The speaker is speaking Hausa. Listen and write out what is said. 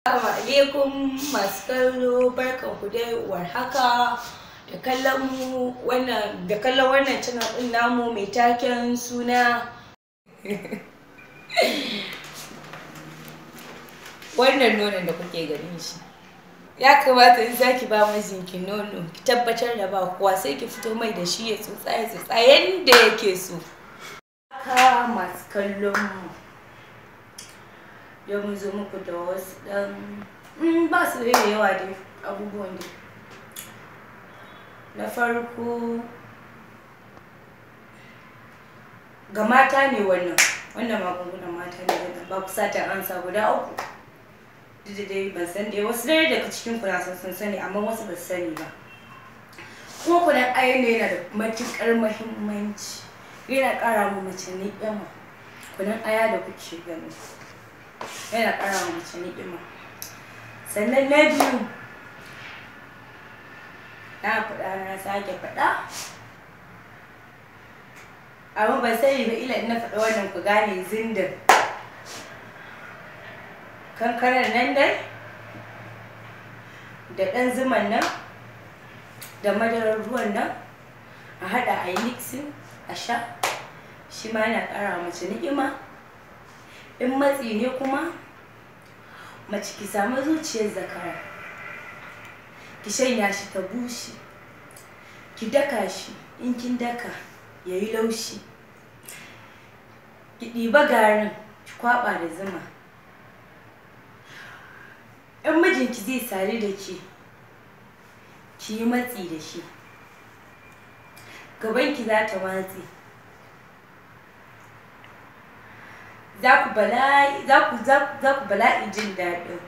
Assalamu alaikum masu kallo barkan ku dai war haka da kallon mu wannan da kallon wannan channel namu mai taken suna wannan nonon da kuke ganin shi ya kamata in zaki ba mijinki nono ki tabbatar da ba kuwa, sai ki fito mai da shi ya tsotsa ya tsotsa yanda yake so haka masu kallon mu yau mu zo muku da wasu ɗan mm, ba su da yawa dai abubuwan dai na farko ga mata ne wannan wannan magungunan mata ne wannan ba ku satan ansa guda uku duk da dai ban san dai wasu dai daga cikin ku na san sun sani amma wasu ba su sani ba kuma kudan ne yana da matuƙar muhimmanci yana ƙara mu mace ni'ima kudan aya da kuke gani yana ƙara wa mace ni'ima sannan na biyu na faɗa na sake faɗa amma ban sani ba ila na faɗa wannan ku gane zindin kankanar nan dai da ɗan zuman nan da madarar ruwan nan a haɗa a yi mixing a sha shi ma yana ƙara mace ni'ima in matsi ne kuma mace ki samu zuciyar zakara ki shanya shi ta bushe ki daka shi in kin daka ya yi laushi ki ɗiba garin ki kwaɓa da zuma in mijinki zai sari da ke ki yi matsi da shi gabanki za ta watsi za ku bala'i jin daɗin